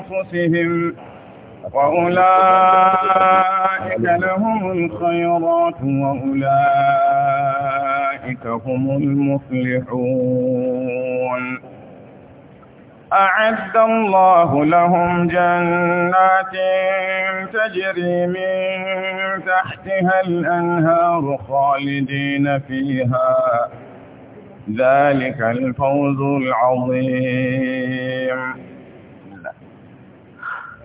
أنفسهم وأولئك لهم الخيرات وأولئك هم المفلحون أعد الله لهم جنات تجري من تحتها الأنهار خالدين فيها ذلك الفوز العظيم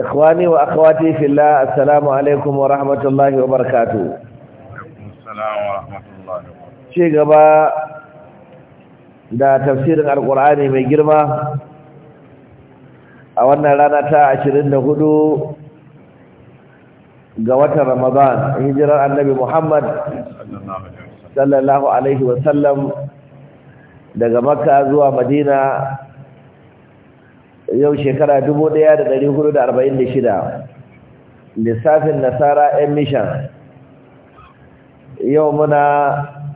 ikhwani wa akhwati fillah assalamu alaikum wa rahmatullahi wa barakatuh ci gaba da tafsirin alkur'ani mai girma a wannan rana ta 24 ga watan ramadan hijirar annabi muhammad sallallahu alaihi wa sallam, daga makka zuwa madina yau shekara 1446 lissafin nasara yan mishan yau muna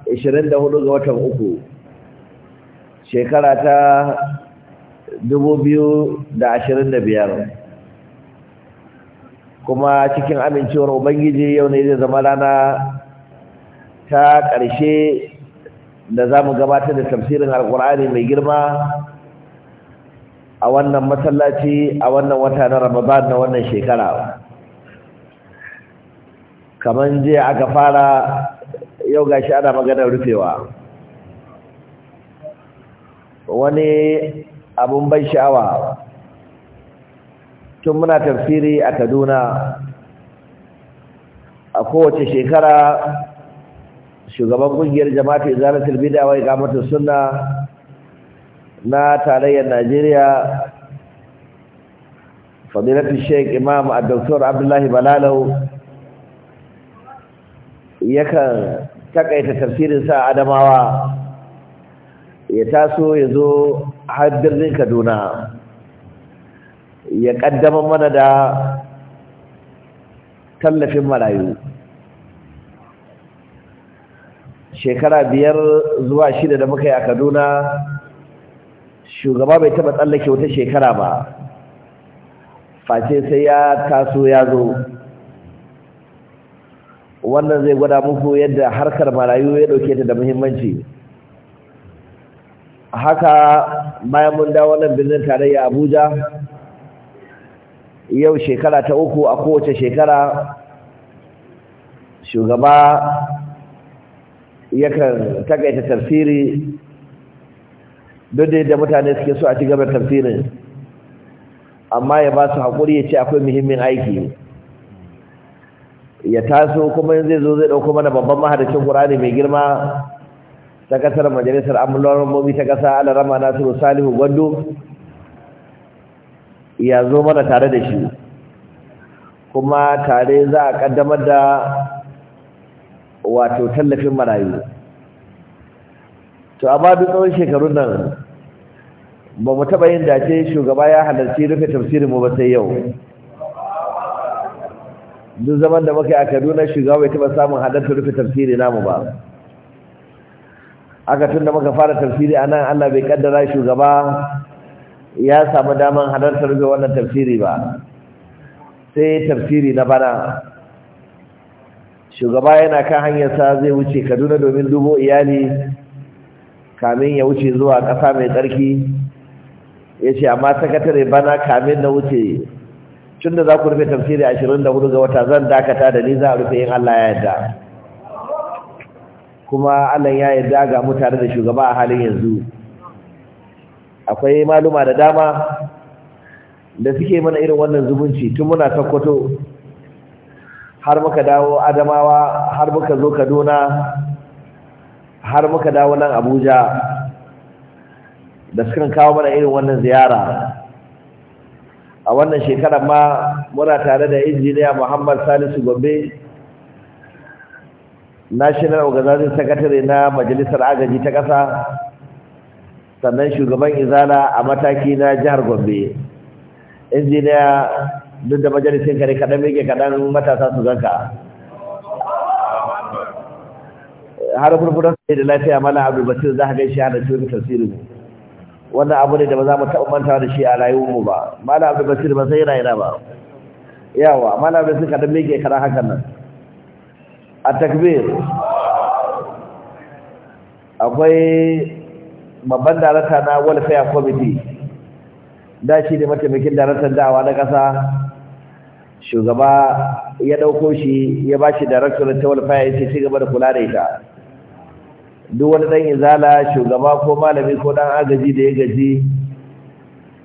24 ga watan uku shekara ta 2025 kuma cikin amincewar ubangiji yau ne zai zama rana ta ƙarshe da za mu gabatar da tafsirin alƙur'ani mai girma a wannan masallaci a wannan wata na ramadan na wannan shekara Kamar jiya aka fara yau gashi ana maganar rufewa wani abun ban sha'awa tun muna tafsiri a kaduna a kowace shekara shugaban kungiyar jama'atu izalatul bid'a wa iqamatus sunna na tarayyar Najeriya fadilatu Sheikh Imam Dr. Abdullahi Balalau yakan takaita tafsirin sa Adamawa ya taso ya zo har Kaduna ya kaddama mana da tallafin marayu shekara biyar zuwa shida da muka yi a Kaduna shugaba bai taba tsallake wata shekara ba face sai ya taso ya zo wannan zai gwada muku yadda harkar marayu ya dauke ta da muhimmanci haka bayan mun dawo nan birnin tarayya abuja yau shekara ta uku a kowace shekara shugaba yakan takaita tafsiri don da mutane suke so a ci gaba tafsirin amma ya ba su haƙuri ya ce akwai muhimmin aiki ya taso kuma yin zai zo zai ɗauko mana babban mahadacin ƙur'ani mai girma ta ƙasar majalisar amulawar mobi ta ƙasa alarama nasiru salihu Gwando ya zo mana tare da shi kuma tare za a ƙaddamar da wato tallafin marayu to amma duk tsawon shekarun nan ba mu taɓa yin dace shugaba ya halarci rufe tafsirin mu ba sai yau duk zaman da muka yi a kaduna shugaba bai taɓa samun halarta rufe tafsiri namu ba aka tun da muka fara tafsiri a nan allah bai kaddara shugaba ya samu daman halarta rufe wannan tafsiri ba sai tafsiri na bana shugaba yana kan hanyarsa zai wuce kaduna domin dubo iyali kamin ya wuce zuwa ƙasa mai tsarki ya ce amma sakatare bana kamin na wuce tun da za ku rufe tafsiri ashirin da hudu ga wata zan dakata da ni za a rufe yin Allah ya yarda kuma Allah ya yarda ga mutane da shugaba a halin yanzu akwai maluma da dama da suke mana irin wannan zumunci, tun muna sakkwato har muka dawo adamawa har muka zo kaduna har muka dawo nan abuja da sukan kawo mana irin wannan ziyara a wannan shekarar ma muna tare da injiniya muhammad salisu gombe national organizing secretary na majalisar agaji ta ƙasa sannan shugaban izala a mataki na jihar gombe injiniya duk da majalisar kare kaɗan mege kaɗan matasa su ganka har furfuran sai da lafiya mana abu basir za ka ga shi hada cikin tafsirin wannan abu ne da ba za mu taɓa manta da shi a rayuwarmu ba mana abu basir ba sai rayuwa ba yawa mana abu basir kadan meke kara hakan nan a takbir akwai babban darata na welfare committee da shi ne mataimakin daratan dawa na ƙasa shugaba ya ɗauko shi ya ba shi director ta welfare ya ce ci gaba da kula da ita duk wani dan izala shugaba ko malami ko dan agaji da ya gaji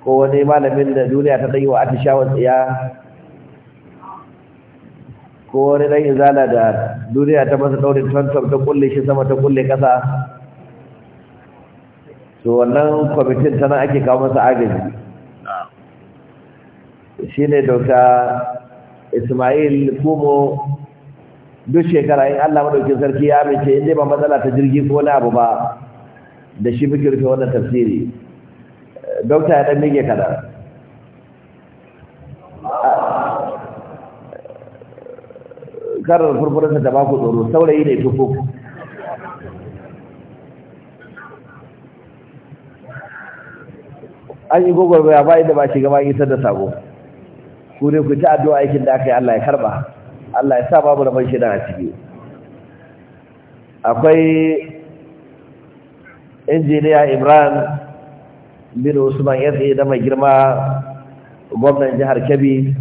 ko wani malamin da duniya ta dai wa atishawa tsiya ko wani dan izala da duniya ta masa daurin tantam ta kulle shi sama ta kulle kasa to wannan kwamitin tana ake kawo masa agaji shine dokta Ismail kuma duk shekara in Allah madaukin sarki ya amince in dai ba matsala ta jirgi ko na abu ba da shi muke rufe wannan tafsiri dokta ya dan mige kada karar furfurinsa ta baku tsoro saurayi ne tufu an yi gogor ba bayan da ba shiga ba isar da sabo ku ne ku ta addu'a aikin da aka yi Allah ya karba Allah ya sa babu rabon shi a ciki akwai injiniya imran bin usman ya tsaye da mai girma gwamnan jihar kebbi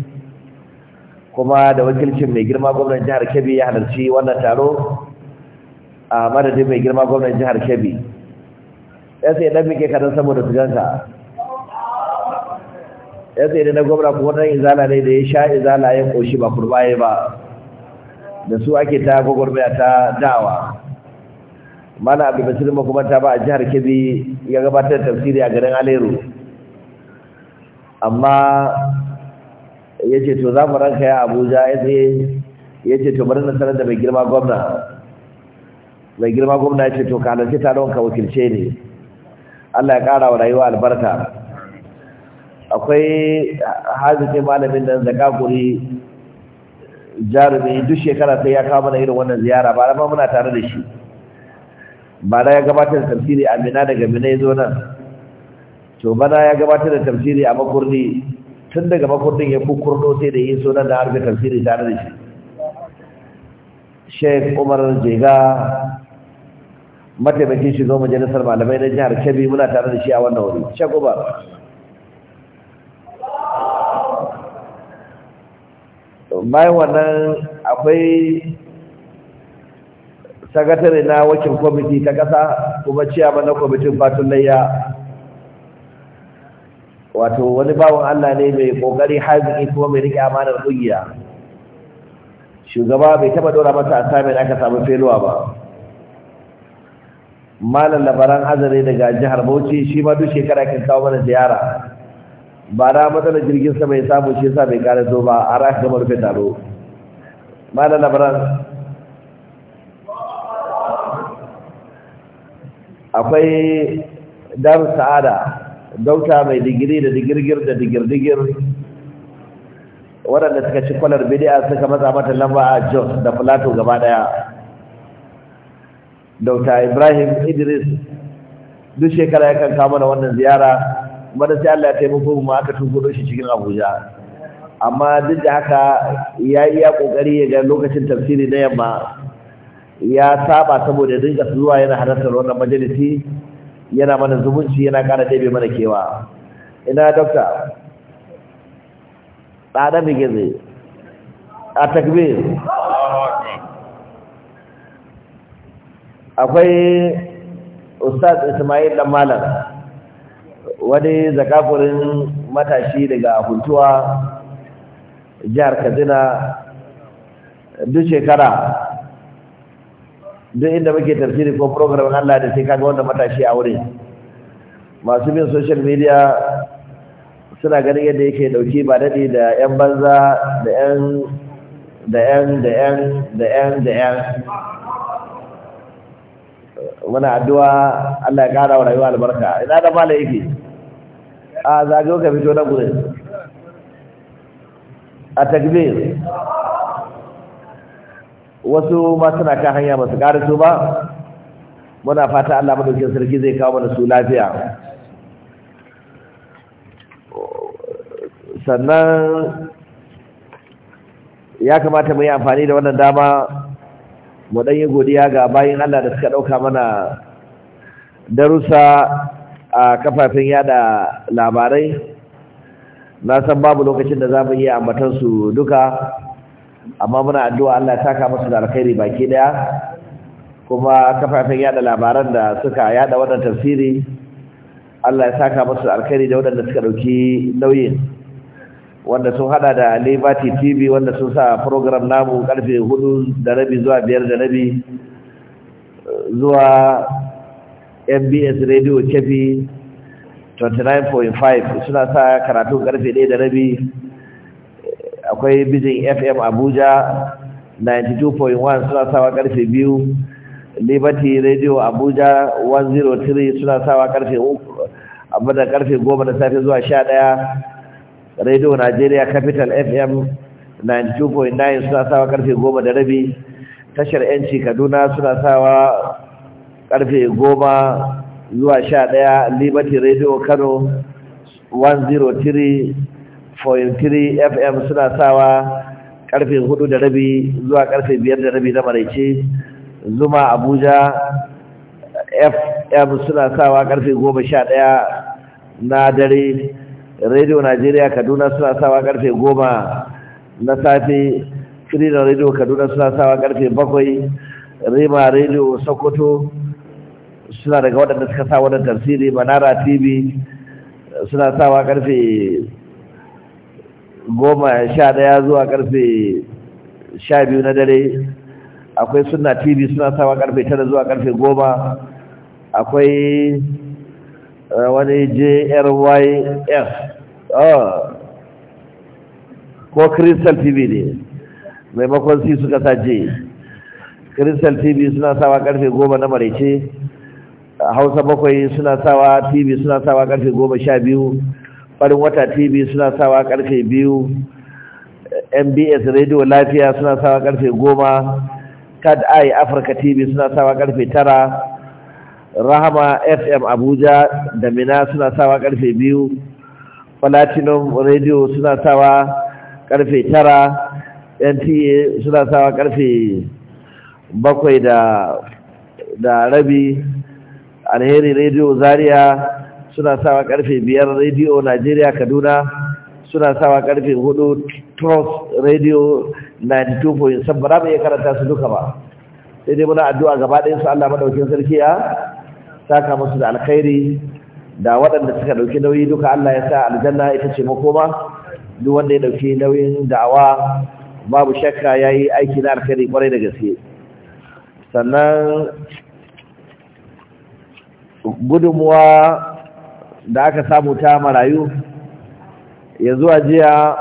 kuma da wakilcin mai girma gwamnan jihar kebbi ya halarci wannan taro a madadin mai girma gwamnan jihar kebbi ya tsaye dan muke kadan saboda tujanta ya tsaye na gwamna kuma wannan izala ne da ya sha izala ya ƙoshi ba kurbaye ba da su ake ta gwagwarmaya ta dawa mana abu kuma makamanta ba a jihar kebbi ya gabatar da tafsiri a garin aleru amma ya ce to za mu ranka ya abuja ya tsaye ya ce to bari na sanar da mai girma gwamna mai girma gwamna ya ce to ka halarci taron ka wakilce ne allah ya ƙara wa rayuwa albarka akwai hazike malamin da zaka guri jarumi duk shekara sai ya kawo mana irin wannan ziyara ba ma muna tare da shi ba ya gabatar da tafsiri a Mina daga Mina ya zo nan to bana ya gabatar da tafsiri a makurdi tun daga makurnin ya kukurdo sai da yin sunan da harbe tafsiri tare da shi Sheik Umar Jega mataimakin shugaban majalisar malamai na jihar Kebbi muna tare da shi a wannan wuri Sheikh Umar bayan wannan akwai sakatare na wakil kwamiti ta kasa kuma ciyama na kwamitin fatun layya wato wani bawan Allah ne mai kokari haziki kuma mai rike amanar kungiya shugaba bai taba dora masa assignment aka samu feluwa ba malam labaran azare daga jihar Bauchi shi ma duk shekara kin kawo mana ziyara ba na matsalar jirgin sama ya samu shi sa bai kare zo ba a rashi gama rufe taro da labaran akwai dar sa'ada dauta mai digiri da digirgir da digirdigir waɗanda suka ci kwalar bidiya suka matsa mata lamba a jos da plato gaba daya dauta ibrahim idris duk shekara yakan kama da wannan ziyara kuma da sai Allah ya taimako mu aka tunkudo shi cikin Abuja amma duk da haka ya iya ya kokari ya ga lokacin tafsiri na yamma ya saba saboda dinga zuwa yana halartar wannan majalisi yana mana zumunci yana ƙara ɗebe mana kewa ina dokta tsada mai gizi a takbir akwai ustaz ismail dan malam wani zakafurin matashi daga huntuwa jihar katsina duk shekara duk inda muke tafsiri ko program Allah da sai kaga wanda matashi a wurin masu bin social media suna ganin yadda yake dauki ba daɗi da 'yan banza da 'yan da 'yan da 'yan da 'yan da 'yan muna addu'a Allah ya ƙara wa rayuwa albarka ina da mala yake a zagayo ka fito na gure a takbir wasu ma suna kan hanya masu su ba muna fata Allah madaukin sarki zai kawo mana su lafiya sannan ya kamata mu yi amfani da wannan dama mu yi godiya ga bayan Allah da suka ɗauka mana darussa a kafafen yada labarai na san babu lokacin da za mu yi ambatansu duka amma muna addu'a Allah ya saka musu da alkhairi baki daya kuma kafafen yada labaran da suka yada wannan tafsiri Allah ya saka musu alkhairi da waɗanda suka ɗauki nauyin wanda sun hada da Liberty TV wanda sun sa program namu karfe 4 da rabi zuwa 5 da rabi zuwa mbs radio kefi 29.5 suna sa karatun karfe 1 da rabi akwai bijin fm abuja 92.1 suna sawa karfe 2 liberty radio abuja 103 suna sawa karfe 3 amma da karfe 10 da safe zuwa 11 radio nigeria capital fm 92.9 suna sawa karfe 10 da rabi tashar yanci kaduna suna sawa karfe goma zuwa sha daya liberty radio kano 103.3 fm suna sawa karfe hudu da rabi zuwa karfe biyar da rabi na maraice zuma abuja fm suna sawa karfe goma sha daya na dare radio najeriya kaduna suna sawa karfe goma na safe freedom radio kaduna suna sawa karfe bakwai rima radio sokoto suna daga waɗanda suka sa wani tafsiri manara tv suna sawa karfe goma sha zuwa karfe sha biyu na dare akwai suna tv suna sawa karfe tara zuwa karfe goma akwai eh, wani jryf ah, ko crystal tv ne maimakon si suka sa je crystal tv suna sawa karfe goma na maraice hausa bakwai suna sawa tv suna sawa karfe goma sha biyu farin wata tv suna sawa karfe biyu mbs radio lafiya suna sawa karfe goma tad eye africa tv suna sawa karfe tara rahama fm abuja da mina suna sawa karfe biyu platinum radio suna sawa karfe tara nta suna sawa karfe bakwai da rabi alheri radio zaria suna sawa karfe biyar radio najeriya kaduna suna sawa karfe hudu trust radio 92.7 ba ya karanta su duka ba sai dai muna addu'a gaba ɗayan su allah maɗaukin sarki ya saka musu da alkhairi da waɗanda suka ɗauki nauyi duka allah ya sa aljanna ita ce makoma duk wanda ya ɗauki nauyin da'awa babu shakka ya yi aiki na alkhairi kwarai da gaske sannan gudunmuwa da aka samu ta marayu ya zuwa jiya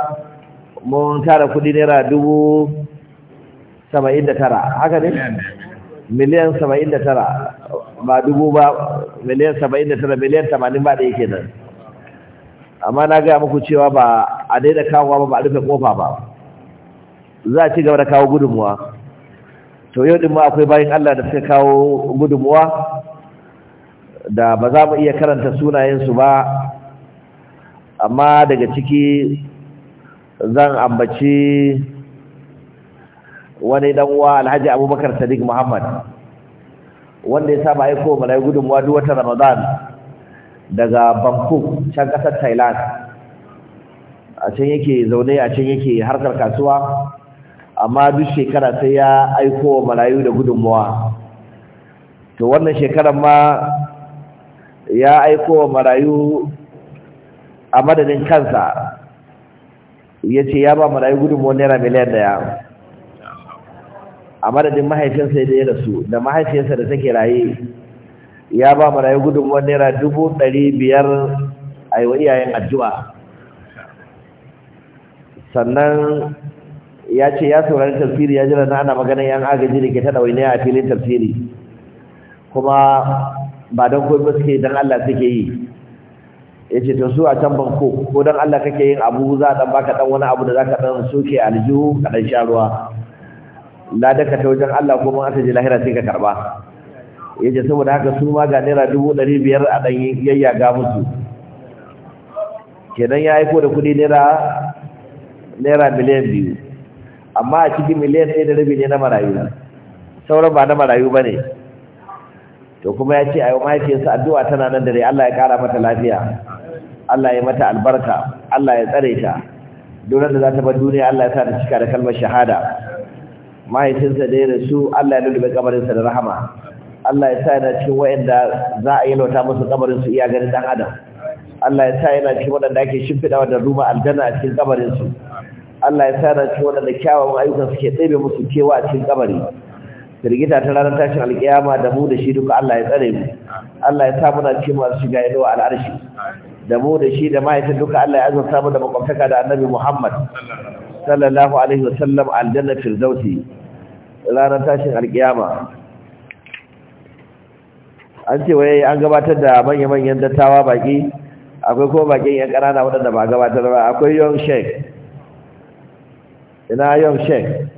mun tara kudi naira dubu saba'in da tara haka ne? miliyan saba'in da tara ba dubu ba miliyan saba'in da tara miliyan tamanin ba da yake nan amma na gaya muku cewa ba a daina kawowa ba ba a rufe kofa ba za a ci gaba da kawo gudunmuwa to yau din ma akwai bayan Allah da suka kawo gudunmuwa da ba za mu iya karanta sunayensu ba amma daga ciki zan ambaci wani uwa alhaji abubakar sadiq muhammad wanda ya saba aiko mana gudunmuwa duk wata ramadan daga bangkok can kasar thailand a can yake zaune a can yake harkar kasuwa amma duk shekara sai ya aiko wa malayu da gudunmuwa to wannan shekarar ma ya aiko wa marayu a madadin kansa ya ce ya ba marayu gudunmuwan naira miliyan daya a madadin mahaifinsa ya daya da mahaifinsa da take raye ya ba marayu gudunmuwan naira dubu ɗari biyar a yi wa iyayen addu'a sannan ya ce ya saurari tafsiri ya jira na ana maganin yan agaji da ke ta ɗaune a filin tafsiri kuma ba don koi ba suke don Allah suke yi ya ce to su a can banko ko don Allah kake yin abu za a baka ɗan wani abu da za ka suke soke aljihu ka ɗan sha ruwa da ka wajen Allah ko mun aka ji lahira sai ka karɓa ya ce saboda haka su ma ga naira dubu ɗari biyar a ɗan yayyaga musu kenan ya aiko da kuɗi naira naira miliyan biyu amma a cikin miliyan ɗaya da rabi ne na marayu sauran ba na marayu ba ne to kuma ya ce a yi mahaifiyarsa addu'a tana nan da dai Allah ya ƙara mata lafiya Allah ya mata albarka Allah ya tsare ta donar da za ta bar duniya Allah ya sa ta cika da kalmar shahada mahaifinsa da ya rasu Allah ya lullube kamarinsa da rahama Allah ya sa yana cikin waɗanda za a yi lauta musu kamarinsu iya ganin ɗan adam Allah ya sa yana cikin waɗanda ake shimfiɗa da ruma aljanna a cikin kamarinsu Allah ya sa yana cikin waɗanda kyawawan ayyukan suke tsebe musu kewa a cikin kamari firgita ta ranar tashin alkiyama da mu da shi duka Allah ya tsare mu Allah ya sa muna cikin masu shiga ido al'arshi da mu da shi da mahaifin duka Allah ya azurta mu da makwabtaka da annabi Muhammad sallallahu alaihi wa sallam, aljanna firdausi ranar tashin alkiyama an ce waye an gabatar da manya-manyan dattawa baki akwai kuma bakin yan ƙanana waɗanda ba gabatar ba akwai yon shek. ina yon shek?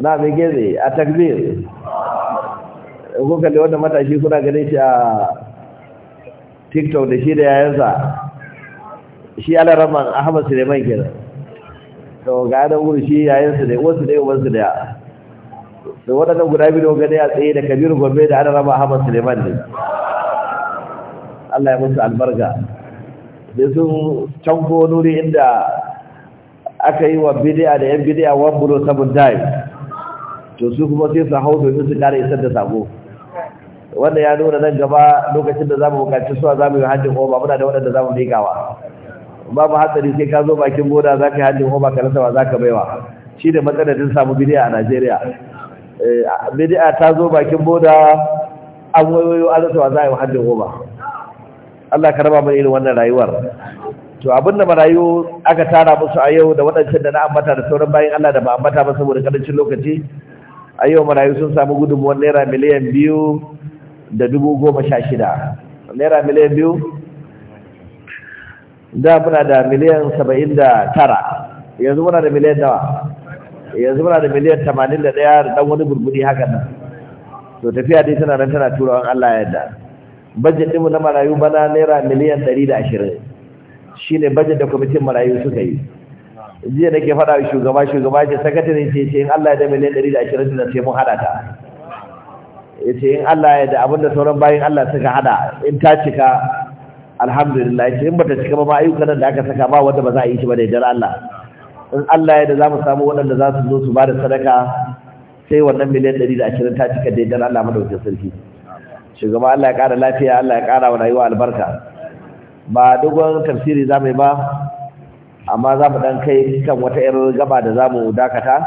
na mai geze a takbir kuka da wanda matashi kuna gane shi a tiktok da shi da yayansa shi alaraman ahmad suleiman kenan to ga da wuri shi yayansa ne wasu ne yawan su da waɗannan guda biyu gane a tsaye da kabiru gombe da Rahman, ahmad suleiman ne Allah ya musu albarka da sun canko nuri inda aka yi wa bidiya da yan bidiya one below seven times to su kuma sai su hau domin su kara isar da sako wanda ya nuna nan gaba lokacin da za mu bukaci suwa za mu yi hajjin ba muna da waɗanda za mu miƙawa babu hatsari sai ka zo bakin boda za ka yi hajjin ba ka rasa ba za ka baiwa shi da matsanadin samu bidiya a najeriya eh, bidiya ta zo bakin boda an wayoyo an rasa ba za a yi hajjin ba allah ka raba mana irin wannan rayuwar to abinda marayu aka tara musu a yau da waɗancan da na ambata da sauran bayan allah da ba ambata ba saboda karancin lokaci a yau marayu sun samu gudunmuwar naira miliyan biyu da dubu goma sha shida naira miliyan biyu da muna da miliyan saba'in da tara yanzu muna da miliyan dawa. yanzu muna da miliyan tamanin da ɗaya da ɗan wani burbuɗi haka nan to tafiya dai tana nan tana turawan allah yadda. yarda bajet na marayu bana naira miliyan ɗari da ashirin shine bajet da kwamitin marayu suka yi jiya nake faɗa wa shugaba shugaba ce sakatare ce ce in Allah ya da miliyan 120 da sai mun hada ta Ya ce in Allah ya da abinda sauran bayin Allah suka hada in ta cika alhamdulillah ce in bata cika ba ayyukan da aka saka ba wanda ba za a yi shi ba da yardar Allah in Allah ya da zamu samu waɗanda za su zo su ba da sadaka sai wannan miliyan 120 ta cika da yardar Allah madaukakin sarki shugaba Allah ya ƙara lafiya Allah ya ƙara wa rayuwa albarka ba dogon tafsiri zamu yi ba amma za mu ɗan kai kan wata 'yar gaba da za mu dakata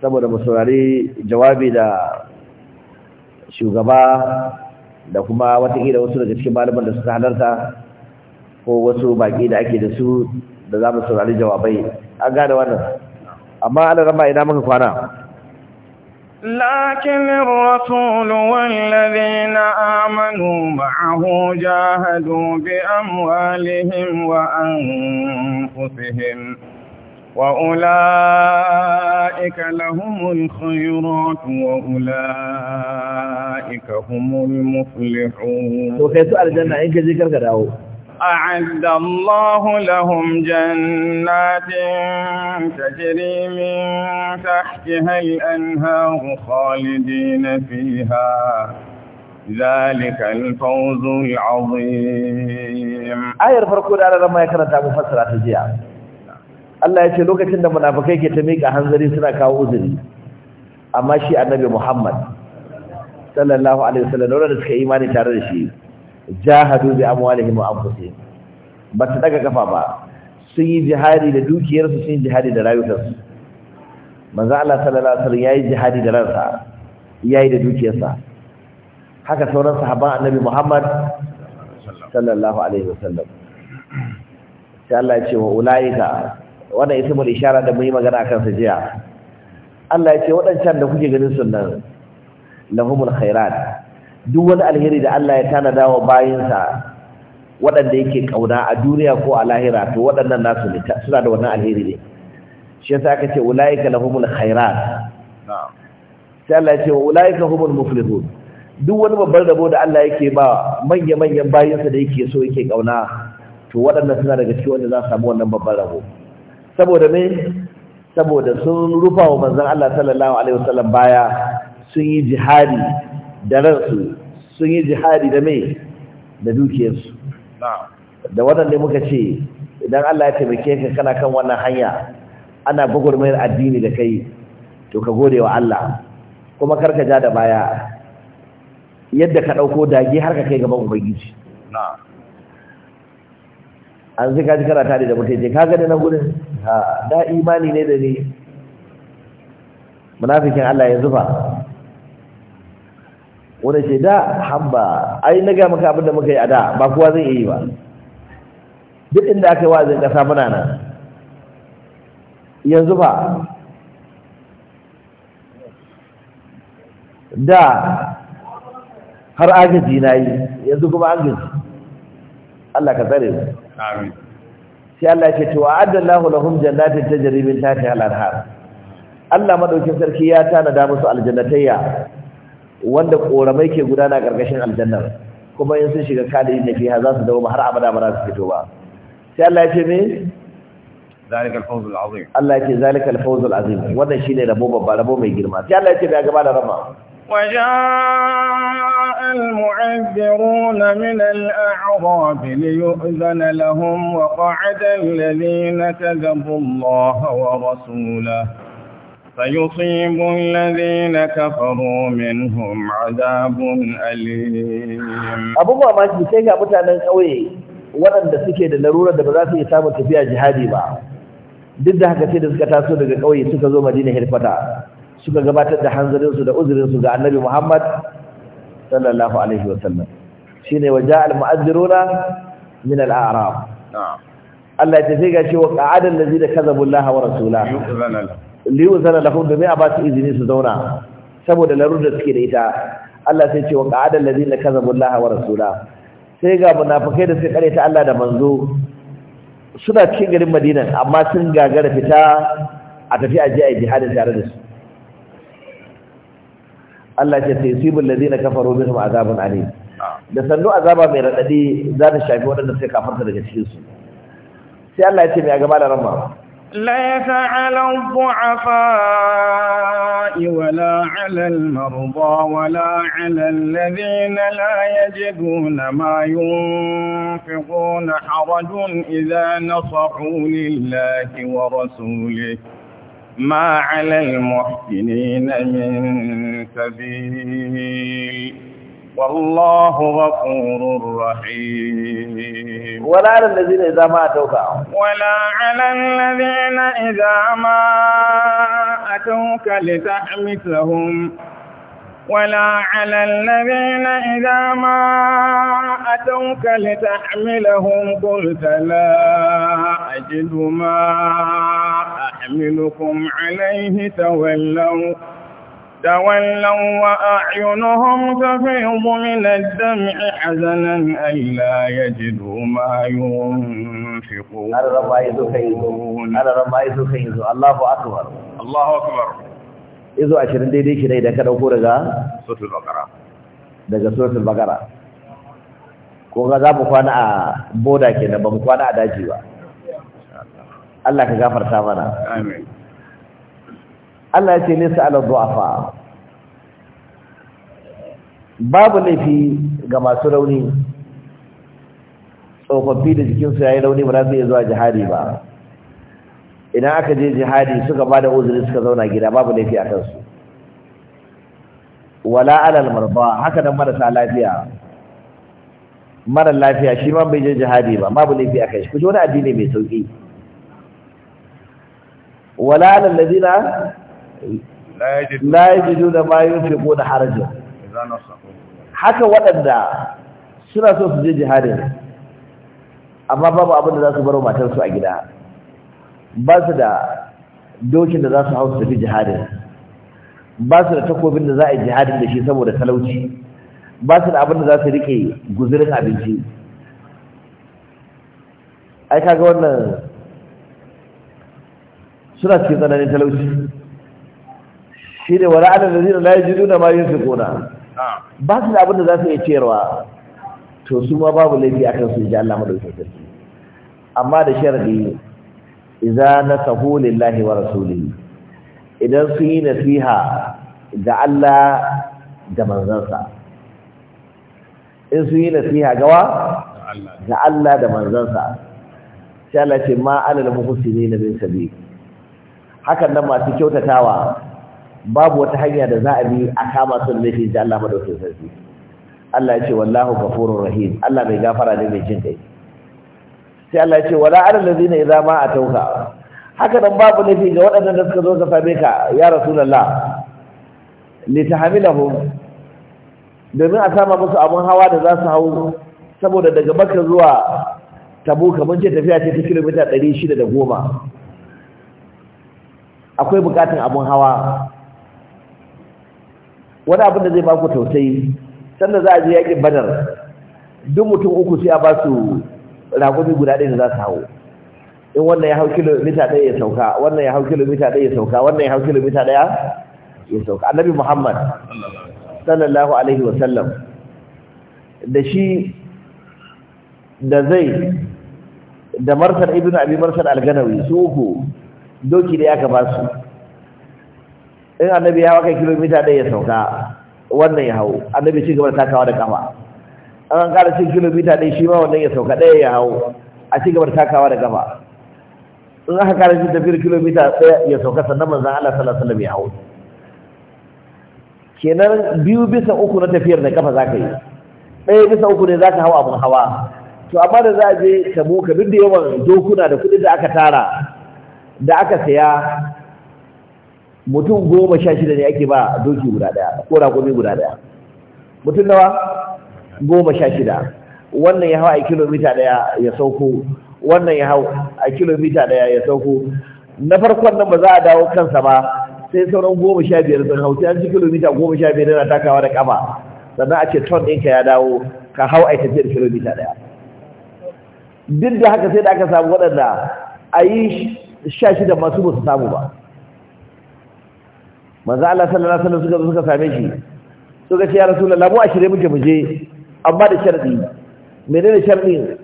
saboda mu saurari jawabi da shugaba da kuma kira wasu daga cikin malaman da suka halarta ko wasu baƙi da ake da su da za mu saurari jawabai an gane wannan amma ana rama ina muka kwana لكن الرسول والذين آمنوا معه جاهدوا بأموالهم وأنفسهم وأولئك لهم الخيرات وأولئك هم المفلحون وكيسو الجنة إنك ذكر كداو أعد الله لهم جنات تجري من تحتها الأنهار خالدين فيها ذلك الفوز العظيم آية فرقوا على ما يكرت أبو فسرة تجيع Allah ya ce lokacin da munafakai ke ta mika hanzari suna kawo uzuri amma shi annabi Muhammad sallallahu alaihi wasallam da suka imani tare da shi jahadu bi amwalihim wa anfusihim ba ta daga kafa ba sun yi jihadi da dukiyarsu sun yi jihadi da rayukansu manzo Allah sallallahu alaihi wasallam yayi jihadi da ransa yayi da dukiyarsa haka sauran sahabban annabi Muhammad sallallahu alaihi wasallam sai Allah ya ce wa ulaika wannan ismul ishara da muyi magana akan sa jiya Allah ya ce waɗancan da kuke ganin sunan, lahumul khairat duk wani alheri da Allah ya tanada wa bayinsa waɗanda yake kauna a duniya ko a lahira to waɗannan nasu ne suna da wannan alheri ne shi yasa aka ce ulaika lahumul khairat sai Allah ya ce ulaika humul muflihun duk wani babbar rabo da Allah yake ba manya manyan bayinsa da yake so yake kauna to waɗannan suna daga cikin wanda za su samu wannan babbar rabo saboda me saboda sun rufa wa manzon Allah sallallahu alaihi wasallam baya sun yi jihadi da ransu sun yi jihadi da mai da dukiyarsu da waɗanda muka ce idan Allah ya taimake ka kana kan wannan hanya ana gugurmayar addini da kai to ka gode wa Allah kuma karka ja da baya yadda ka ɗauko dage har ka kai gaban ubangiji an zika ji kana da mutane ka gani na gudun da imani ne da ni munafikin Allah ya zuba wanda ce da hamba ai na ga maka abin da muka yi a da ba kowa zai yi ba duk inda aka yi wa'azin kasa muna nan yanzu ba da har agaji na yi yanzu kuma agaji Allah ka tsare mu amin sai Allah ya ce to wa'adallahu lahum jannatin tajri min tahtiha al-anhar Allah madaukin sarki ya tana da musu aljannatayya wanda koramai ke gudana karkashin aljannar kuma in sun shiga kada yin nafiha za su dawo har abada ba za su fito ba sai Allah ya ce me zalika al-fawz al-azim Allah ya ce zalika al-fawz al-azim wannan shine rabo babba rabo mai girma sai Allah ya ce ga gaba da rama وجاء المعذرون من الأعراب ليؤذن لهم وقعد الذين كذبوا الله ورسوله فيصيب الذين كفروا منهم عذاب أليم أبو ما ماجي سيغا متانا قوي waɗanda suke da larurar da ba za su iya samun tafiya jihadi ba duk da haka sai da suka taso daga ƙauye suka zo madina hirfata suka gabatar da hanzarinsu da uzurinsu ga annabi muhammad sallallahu alaihi wasallam shi ne wa ja'al mu'azziruna min al'arab Allah ya tafi ga cewa qa'adan lazi da kazabullah wa rasulahu liyu zana lahum domin a ba su izini su zauna saboda larur da suke da ita Allah sai ce wa qa'ada allazina kazzabu Allah wa rasula sai ga munafikai da suka kareta Allah da manzo suna cikin garin Madina amma sun gagara fita a tafi a je a jihadin tare da su Allah ce taysibul ladina kafaru minhum azabun alim da sannu azaba mai radadi za ta shafi waɗanda suka kafarta daga cikin su sai Allah ya ce mai a gaba da rama ليس على الضعفاء ولا على المرضى ولا على الذين لا يجدون ما ينفقون حرج إذا نصحوا لله ورسوله ما على المحسنين من سبيل والله غفور رحيم ولا على الذين إذا ما أتوك ولا على الذين إذا ما أتوك لتحمسهم ولا على الذين إذا ما أتوك لتحملهم قلت لا أجد ما أحملكم عليه تولوا تولوا وأعينهم تفيض من الدمع حزنا ألا يجدوا ما ينفقون الله أكبر الله أكبر izo 20 daidai shi ne da ka daga suratul baqara daga za mu kwana a boda kenan ba mu kwana a daji ba Allah ka gafarta mana Allah ya ce nisa ala du'afa babu laifi ga masu rauni tsofaffi da jikinsu ya yi rauni ba za su iya zuwa jihadi ba idan aka je jihadi suka ba da uzuri suka zauna gida babu laifi a kansu wala alal marba haka nan marasa lafiya mara lafiya shi ma bai je jihadi ba babu laifi a kai shi kuje wani addini mai sauki wala ala ladina la yajidu da ma yunfiqu da harajin haka waɗanda suna so su je jihadin amma babu abin da za su matar matarsu a gida ba su da dokin da za su su tafi jihadin ba su da takobin da za a yi jihadin da shi saboda talauci ba su da abin da za rike guzurin abinci ai kaga wannan suna cikin tsananin talauci shi ne wani adal da zina layi jidu na ma su kona ah. ba su da abinda za su iya cewa to su ma babu laifi akan su ji Allah madaukakin sarki amma da sharadi idza nasahu lillahi wa rasuli. idan su yi nasiha ga Allah da manzansa in su yi nasiha gawa ga Allah da manzansa sai Allah ce ma alal na bin sabi hakan nan masu kyautatawa babu wata hanya da za a bi a kama su da laifin da Allah madaukakin sarki Allah ya ce wallahu ghafurur rahim Allah mai gafara ne mai jin kai sai Allah ya ce wala alal ladina idza ma atauka haka nan babu laifi ga waɗannan da suka zo ka same ka ya rasulullah li tahmilahu domin a sama musu abun hawa da za su hau saboda daga Makka zuwa tabuk mun ce tafiya ce ta kilomita 610 akwai bukatun abun hawa wani abin da zai ba ku tausayi sanda za a je yakin badar duk mutum uku sai a ba su raƙumi guda ɗaya da za su hau in wannan ya hau kilomita ɗaya ya sauka wannan ya hau kilomita ɗaya ya sauka wannan ya hau kilomita ɗaya ya sauka annabi muhammad sallallahu alaihi wa sallam da shi da zai da marsar ibnu abi marsar alganawi su uku doki da ya ka ba su in annabi ya waka kilomita ɗaya ya sauka wannan ya hau annabi ci gaba da takawa da kafa an kara cin kilomita ɗaya shi ma wannan ya sauka ɗaya ya hau a ci gaba da takawa da kafa in aka kara cin tafiyar kilomita ɗaya ya sauka sannan manzan Allah sallallahu alaihi ya hau kenan biyu bisa uku na tafiyar da kafa ka yi ɗaya bisa uku ne za ka hau abun hawa to amma da za a je ka muka duk da yawan dokuna da kuɗi da aka tara da aka saya mutum goma sha shida ne ake ba doki guda daya ko rakumi guda daya mutum nawa goma sha shida wannan ya hau a kilomita daya ya sauko wannan ya hau a kilomita daya ya sauko na farkon nan ba za a dawo kansa ba sai sauran goma sha biyar sun hau sai an ci kilomita goma sha biyar yana takawa da kafa sannan a ce ton ɗinka ya dawo ka hau a tafiyar kilomita daya duk da haka sai da aka samu waɗanda a yi sha shida masu ba su samu ba manzo Allah sallallahu alaihi wasallam suka suka same shi suka ce ya rasulullah mu ashire muke muje amma da sharadi menene sharadin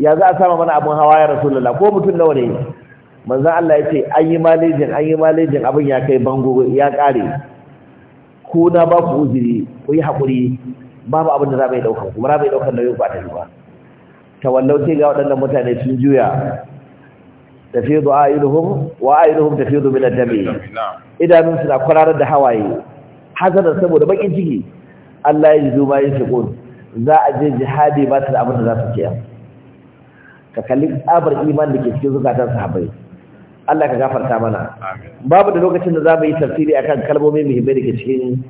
ya za a sama mana abun hawa ya rasulullah ko mutum nawa ne manzo Allah ya ce an yi malejin an yi malejin abin ya kai bango ya kare ko na ba ku uzuri ku yi hakuri babu abin da za mu yi daukan kuma za mu yi daukan nauyin ba a yi ba tawallau sai ga waɗannan mutane sun juya tafidu a'iduhum wa a'iduhum tafidu min ad-dami idanun suna kwararar da hawaye hazanan saboda bakin ciki Allah ya ji zuma yin shukun za a je jihadi ba ta da abin da za su ce ka kalli tsabar iman da ke cikin zukatan sahabbai Allah ka gafarta mana babu da lokacin da za mu yi tafsiri akan kalmomi muhimmai da ke cikin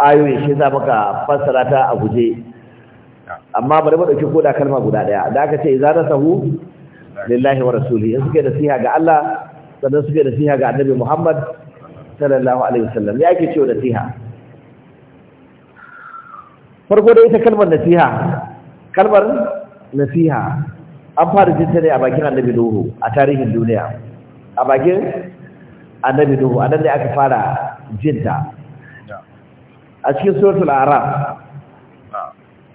ayoyi shi za muka fassara ta a guje amma bari mu dauki koda kalma guda daya da aka ce idza nasahu lillahi wa rasulihi in suke da siha ga Allah sannan suke da siha ga annabi Muhammad sallallahu alaihi wasallam ya ake cewa da siha farko dai ita kalmar nasiha kalmar nasiha an fara jinta ne a bakin annabi Nuhu a tarihin duniya a bakin annabi Nuhu nan ne aka fara jinta a cikin suratul araf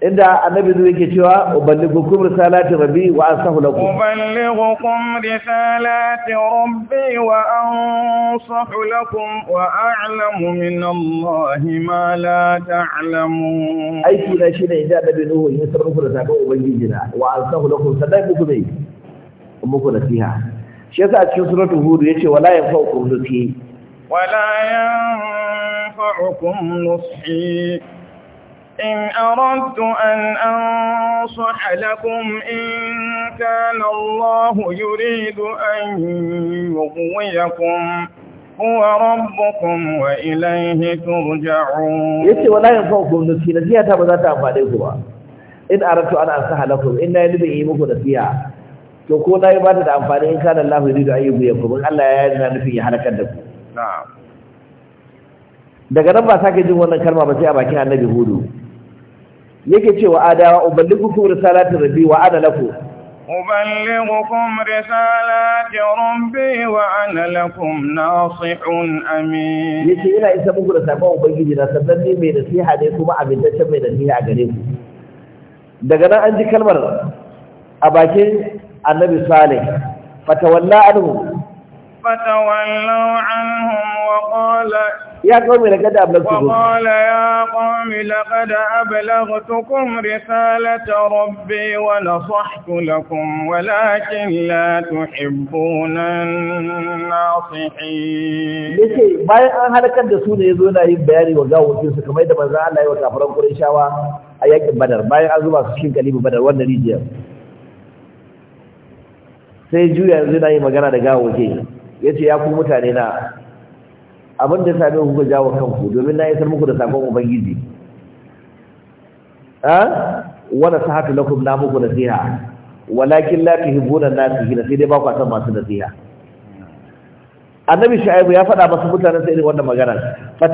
inda annabi zai yake cewa uballighukum risalati rabbi wa ansahu lakum uballighukum risalati rabbi wa ansahu lakum wa a'lamu min Allahi ma la ta'lamu aiki na ne da annabi nuhu ya sarrafa muku da sakon ubangiji na wa ansahu lakum sadai muku mai muku nasiha shi yasa cikin suratul hud yace wala yanfa'ukum nusi wala yanfa'ukum nusi إن أردت أن أنصح لكم إن كان الله يريد أن يغويكم هو ربكم وإليه ترجعون يسي ولا ينفعكم نسي نسيها بذات أفعاليكم in aratu an ansaha lakum in na yi yi muku nasiha to ko na yi da amfani in kana Allah yuridu ayyubu yakum in Allah ya yi na ya da daga nan ba sake jin wannan kalma ba sai a bakin Annabi Hudu yake cewa adawa uballighukum risalati rabbi wa ana lakum أبلغكم رسالات ربي وأنا لكم ناصح أمين يجي إلى إسا مكرا سابا وبيجي na sannan ne mai nasiha ne kuma amintaccen mai nasiha a gare ku daga nan an ji kalmar a bakin annabi salih fatawalla anhu fatawallaw anhum wa qala يا قوم لقد أبلغتكم وقال يا قوم لقد أبلغتكم رسالة ربي ونصحت لكم ولكن لا تحبون الناصحين yake bayan an halakar da su ne yazo yana yin bayani wa gawokin su kamar da manzo Allah ya wa kafiran Qurayshawa a yakin Badar bayan an zuba su cikin kalibu Badar wannan rijiyar sai juya yanzu yana yin magana da gawokin yace ya ku mutane na abin da sami kuka jawo kanku domin na isar muku da sakon ubangiji wadda sa sahatu lakum na muku siya walakin na tuhibbuna gina sai dai ba ku san masu siya. annabi shu'aibu ya faɗa masu mutanen sa irin wannan magana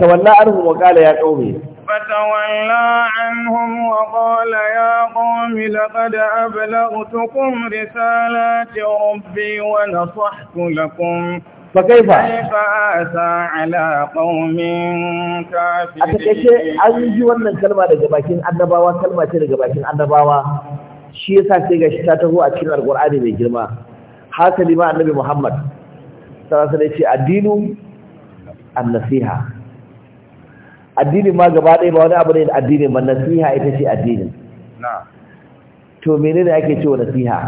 walla an wa qala ya an qaumi فتولى da وقال يا قوم لقد أبلغتكم رسالات ربي ونصحت lakum fakaifa أتى على قوم كافرين wannan kalma daga bakin annabawa kalma ce daga bakin annabawa shi sa, sai gashi ta taho a cikin alkur'ani mai girma hasali ma annabi Muhammad sallallahu alaihi ce addinu an-nasiha addini ma gaba ɗaya ba wani abu ne addinin ba nasiha ita ce addinin to menene ake wa nasiha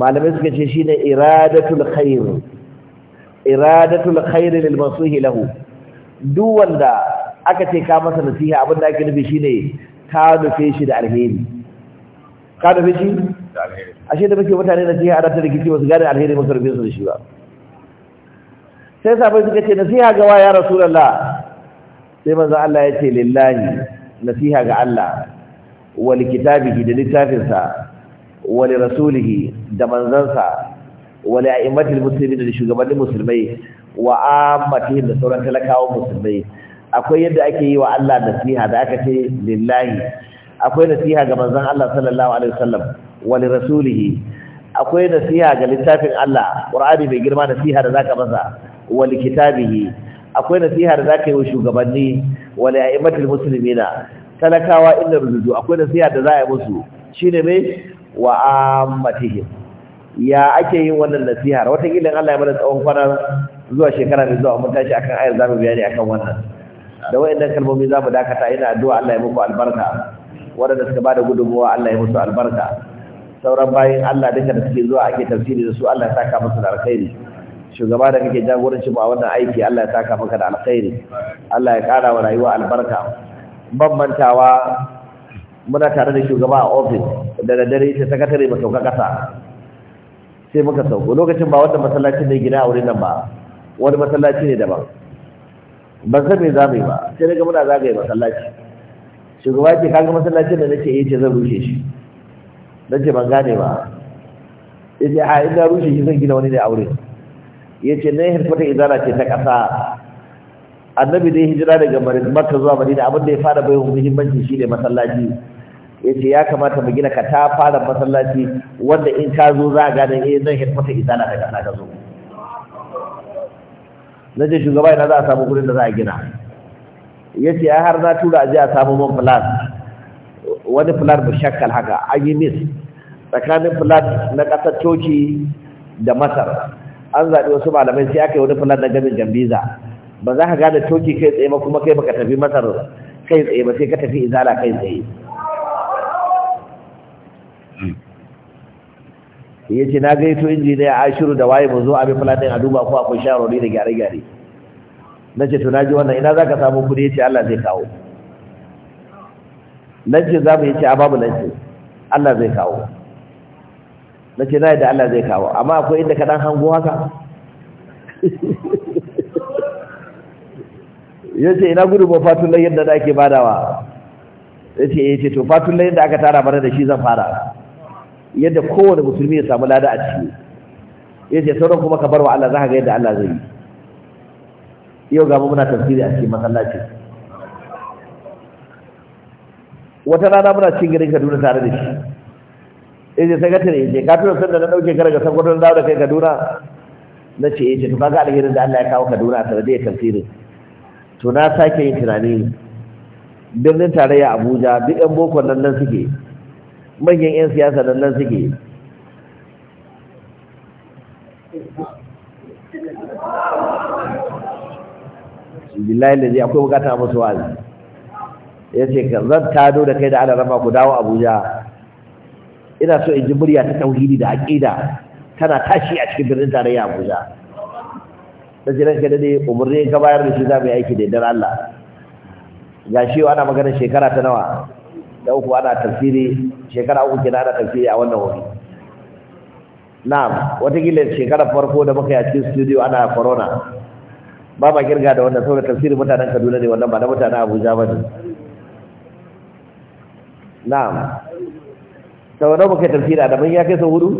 malamai suka ce shine iradatul khair iradatul khairi lil masuhi lahu duk wanda aka ce ka masa nasiha abin da ake nufi shine ka nufe shi da alheri ka nufe shi da alheri ashe da muke mutane nasiha ana ta rikici ba gane alheri masu su da shi ba sai sabai suka ce nasiha ga wa ya rasulullah sai manzo Allah ya ce lillahi nasiha ga Allah wal kitabihi da littafinsa wa li rasulihi da manzansa a a'immatil Musulmi da shugabannin musulmai wa da sauran talakawan musulmai akwai yadda ake yi wa Allah nasiha da aka ce lillahi akwai nasiha ga manzon Allah sallallahu alaihi wasallam wa li rasulihi akwai nasiha ga littafin Allah Qur'ani mai girma nasiha da zaka masa wa li kitabihi akwai nasiha da zaka yi wa shugabanni wa li a'immatil muslimina talakawa inna rujudu akwai nasiha da za a yi musu shine mai wa ammatihim ya ake yin wannan nasihar wataƙila in Allah ya mana tsawon kwana zuwa shekara mai zuwa mun tashi akan ayar zamu bayani akan wannan da wayannan kalmomi zamu dakata ina addu'a Allah ya muku albarka waɗanda suka bada gudunmuwa Allah ya musu albarka sauran bayin Allah duka da suke zuwa ake tafsiri da su Allah ya saka musu da alkhairi shugaba da kake jagoranci mu a wannan aiki Allah ya saka maka da alkhairi Allah ya ƙara wa rayuwa albarka bambantawa muna tare da shugaba a ofis da dare ta sakatare mai sauka kasa sai muka sauko lokacin ba wata masallaci ne gina a wurin nan ba wani masallaci ne daban ban san me za mu yi ba sai daga muna zagaye masallaci shugaba ke kaga masallacin da nake yi ce zan rushe shi dan ce ban gane ba ya ce a ina rushe shi zan gina wani ne a wurin ya ce na yi hirfata izala ce ta ƙasa annabi dai hijira daga makka zuwa madina abin da ya fara bai muhimmanci shi ne masallaci yace ya kamata mu gina fara masallaci wanda in ka zo za ga da eh zan hirfata izana daga na ka zo na je shugaba ina za a samu gurin da za a gina yace ai har na tura je a samu man plan wani plan shakkal haka an yi miss tsakanin plan na kasar coci da masar an zaɓi wasu malamai sai aka yi wani plan na gamin gambiza ba za ka gane coci kai tsaye ba kuma kai baka tafi masar kai tsaye ba sai ka tafi izala kai tsaye ji yace na ito injiniya ashiru da waye mu zo abin fulatin a duba ko akwai sharori da gyare-gyare nace to naji ji wannan ina zaka samu kudi Yace Allah zai kawo lance za mu yi a babu lance Allah zai kawo nace na yadda Allah zai kawo amma akwai inda ka dan hango haka yace ina gudu ba fatun yadda da ake badawa Yace eh, yace to fatun lai da aka tara mana da shi zan fara yadda kowane musulmi ya samu lada a ciki yace sauran kuma ka bar wa Allah za ka ga yadda Allah zai yi yau ga muna tafsiri a cikin masallaci wata rana muna cikin gidan Kaduna tare da shi yace sai ka tare ka tura sanda na dauke ka daga Sokoto na da kai Kaduna na ce yace to kaga alherin da Allah ya kawo Kaduna a sanadiyar da tafsirin to na sake yin tunani birnin tarayya Abuja duk ɗan bokon nan nan suke manyan 'yan siyasa da nan suke billahi da zai akwai bukata a musu wa'azi ya ce ka zan tado da kai da ana rama ku dawo abuja ina so in ji murya ta tauhidi da aƙida tana tashi a cikin birnin tarayya abuja da jiran ka dade umarni ka bayar da shi za mu yi aiki da idan allah ga shi ana magana shekara ta nawa da uku ana tafsiri shekara uku kenan ana tafsiri a wannan wuri na'am watakila shekara farko da muka yi a cikin studio ana corona ba ma kirga da wannan saboda tafsiri mutanen kaduna ne wannan ba na mutanen abuja ba ne na'am sau nawa muka yi tafsiri a daban ya kai sau hudu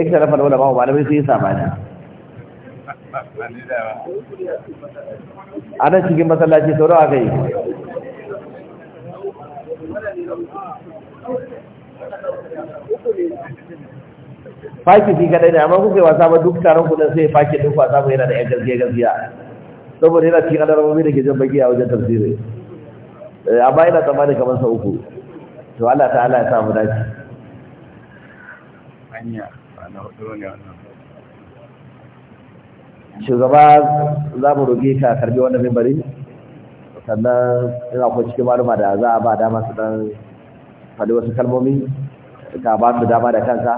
ik rafa da wadda ba malamai su yi sabani a nan cikin masallaci sau nawa aka yi faki fi kadai ne amma kuka wasa ba duk taron ku dan sai faki duk wasa ba yana da yan gaskiya gaskiya saboda yana cikin alarmomi da ke jan baki a wajen tafsiri eh, amma yana tsammanin kamar sa uku to Allah ta'ala ya samu dace hanya ana hudu ne wannan shugaba za mu roƙe ka karbi wannan mimbari sannan ina kuma cikin maluma da za a ba dama su dan faɗi wasu kalmomi ka ba su dama da kansa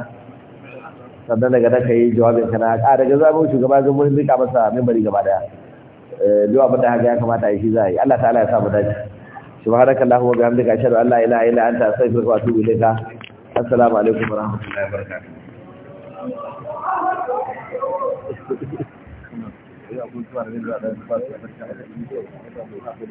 sannan daga daga yi jawabin kana a daga zaɓen shugaba zan mun rika masa membari gaba daya eh, duk abin da haka ya kamata a yi shi za a yi Allah ta'ala ya samu dace subhanaka allahumma wa bihamdika ashhadu an la ilaha illa anta astaghfiruka wa atubu ilayka assalamu alaikum wa rahmatullahi wa barakatuh